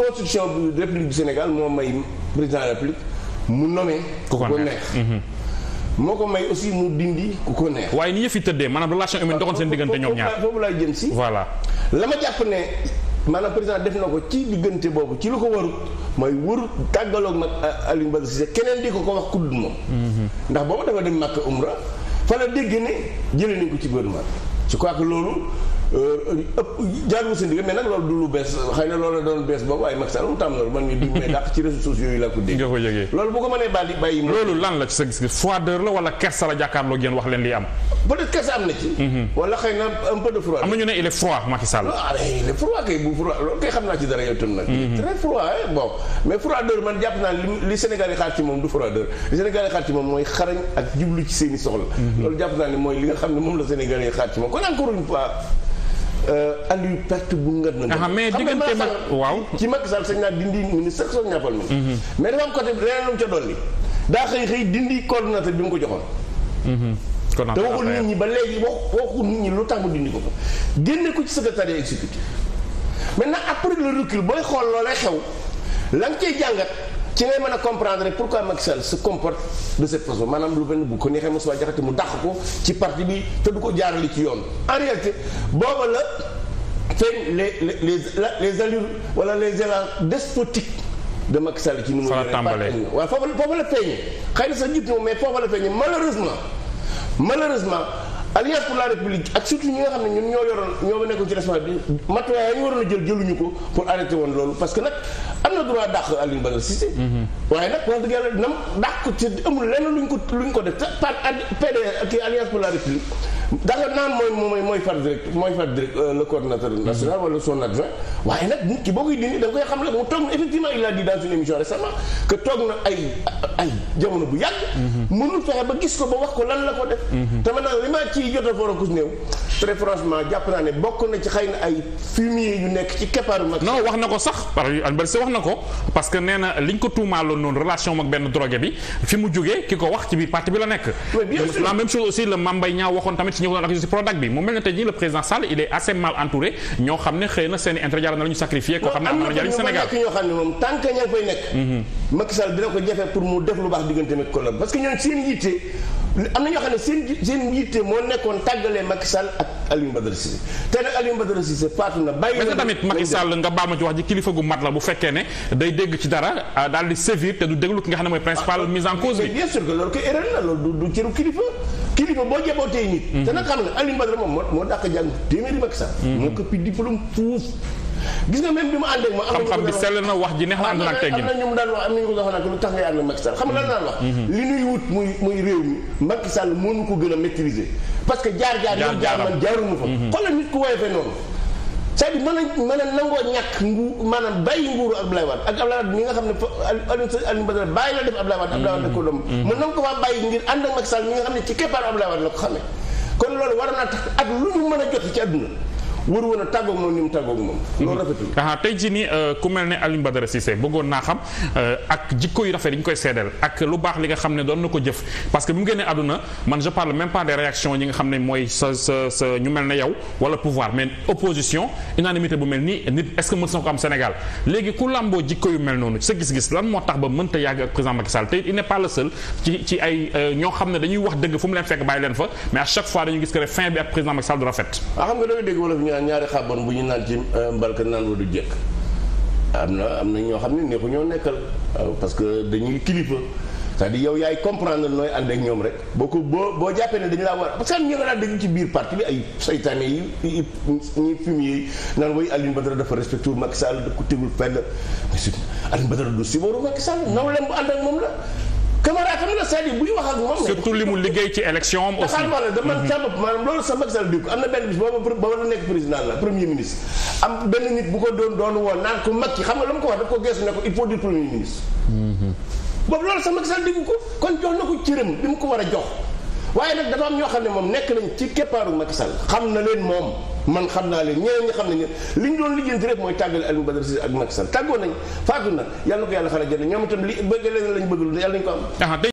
constitution bu république du Sénégal moo may président de la république mu nommé. ku ko neex mhm. moo ko may aussi mu dindi ku ko neex. waaye ni yëf yi tëddee maanaam relation humaine doxoon seen diggante ñoom ñaar foofu laay jëm si. voilà la ma jàpp ne maanaam président def na ko ci diggante boobu ci lu ko warut mooy warut tàggaloog nag euh, Alioune Badara Cissé keneen di ko ko wax ku moom. Mhm. ndax boobu dafa dem Makka Umra fa la dégg ne jëlee nañ ko ci gouvernement je crois que loolu Euh, ëpp jaarul seen loolu lu bees xëy nga ko yëgee loolu bu ko mënee bàyyi bàyyi. loolu lan la ci sa gis-gis froideur mhm. ah, kay xam naa ci dara yow tam nag. Mhm. très froid bon mais froideur man jàpp naa li Sénégal yi xaar ci moom du froideur li Sénégal yi xaar ci moom mooy xarañ ak jublu ci seen soxla. Mhm. loolu jàpp naa ne mooy li nga xam ne moom la Sénégal yi xaar ci moom kon encore une Euh, Aliou perte bu ngeen doon. xam nga man waaw ci Macky Sall sañ naa dindi ministre soog ñaafal mi. Mhm. mais dafa am côté leneen lu mu ca dolli daa xëy xëy dindi coordonnateur bi mu ko joxoon. kon mhm. te waxul nit ñi ba léegi waxul nit ñi lu tax mu dindi ko fa génne ko ci secrétariat exécutif maintenant après le recul booy xool loolay xew la nga cay jàngat. ci ngay mën a comprendre rek pourquoi Macky Sall se comporte de cette façon maanaam lu benn bu ko neexee Moustapha Diakhaté mu dàq ko ci parti bi te du ko jaarale ci yoon en réalité booba la feeñ le les les allures wala les élans despotiques de Macky Sall ci nu mu waaw foofu la foofu la feeñee xëy na sax jub moom mais foofu la feeñee malheureusement malheureusement Alliance pour la République ak surtout ñi nga xam ne ñun ñoo yoroon ñoo nekkoon ci responsable bi matuwaay yi jël jëluñu ko pour arrêter woon loolu parce que nag am na danga mhm. naan mooy mooy far direct mooy far direct euh, le coordinateur mhm. national wala son adjoint waaye nag nit ki boo koy dindi da nga koy xam la mu toog na effectivement il a dit dans une émission récemment que toog na ay ay bu yàgg. Mhm. mënul fexe ba gis ko ba wax ko lan la ko def. te man nag li ma ciy jot a forokus néew très franchement jàpp naa ne bokk na ci xëy na ay fumier yu nekk ci keppaaru. non wax na ko sax par exemple wax na na ko parce que nee li ñu ko tuumaaloon noonu relation ak benn drogué bi fi mu jógee ki ko wax ci biir parti bi la nekk. la même chose aussi waxoon tamit si ñu ko doon bi mu mel ne tey président Sall il est assez mal entouré ñoo xam ne xëy na seen i intérêt na la ñu koo xam ne xam ne moom tant que ña nekk. Mhm. Macky Sall dina ko jafe pour mu def lu baax digganteem ak parce que ñoom seen yitte am na ñoo xam ne seen seen yitte moo nekkoon tàggalee Macky Sall ak Aliou Badara Cissé te nag Aliou Badara Cissé faatu na bàyyi. mais tamit Macky nga baal ma ci wax ji kilifa gu mat la bu fekkee ne day dégg ci dara euh, daal di sévir te du déglu ki nga xam ne mooy principal mise en cause bi. bien sûr que loolu ko erreur la loolu du cëru kilifa kilifa boo jabootee nit. Mm-hmm. te nag xam nga Aliou Badara moom moo moo jàng téeméeri Macky mm-hmm. moo ko ëpp diplôme fuuf. gis nga même bi mu ànd ak moom. xam-xam bi sell na wax ji wax am na ñu mhm. a maîtriser. parce que jaar-jaar mhm. a mën a nangoo ñàkk ngu maanaam bàyyi nguuru nga xam ne Aliou Badara bàyyi la def Abdoulaye Wade Abdoulaye Wade da ko doom mhm. mën na ko faa xam ne ci keppaaru a jot ci àdduna wër woon a tàggoog moom ni mu tàggoog moom. loolu mhm. rafetul. tey jii nii euh, ku mel ne Alioune Badara Cissé bëggoon naa xam euh, ak jikko yu rafet yi ñu koy seedeel ak lu baax li nga xam ne doon na ko jëf parce que bi mu génnee àdduna man je parle même pas yi nga xam ne mooy sa sa sa ñu mel ne yow wala pouvoir mais opposition unanimité bu mel nii nit est-ce que mën na ko am Sénégal léegi ku làmboo jikko yu mel noonu sa gis-gis lan moo tax ba mënta yàgg ak président Macky Sall te il n'est pas euh, mu leen fekk bàyyi leen fa mais à fois dañuy gis naan ñaari xàbban bu ñu naan ci euh, mbalka naan wa du jekk am na am na ñoo xam ne neexu ñoo nekkal parce que dañuy kilifa cest di dire yow yaay comprendre nooy ànd ak ñoom rek boo ko boo boo jàppee ne dañu laa war parce que ñi nga daan dégg ci biir parti bi ay saytaane yi yi ñuy fumier yi naan way Alioune Badara dafa respecté wu Macky Sall da ko tegul fenn Alioune Badara du sibaru Macky Sall naw leen bu ànd ak moom la sama rajo la c'est-à-dire buy wax ak moom. surtout li mu liggéey ci élection am aussi. dafa am man sama mhm. maanaam loolu sama Macky Sall di ko am na benn bis boobu ba war a nekk président la premier ministre. am benn nit bu ko doon doon woon naan ko Macky xam nga la mu ko wax daf ko gëstu ne ko faut du premier ministre. Mhm. boobu loolu sama Macky Sall di ko kon jox na ko cëram bi mu ko war a jox. waaye nag dafa am ñoo xam ne moom nekk nañ ci keppaaru Macky Sall xam na leen moom man xam naa leen ñeneen ñi xam nañ ne li ñu doon lijjanti rek mooy tàggale Aliou Badara Cissé ak Macky Sall tàggoo nañ faatu na yàlla na ko yàlla xanaa jënd ñoom li bëgg leen lañ bëgg lu yàlla nañ ko am. Ah,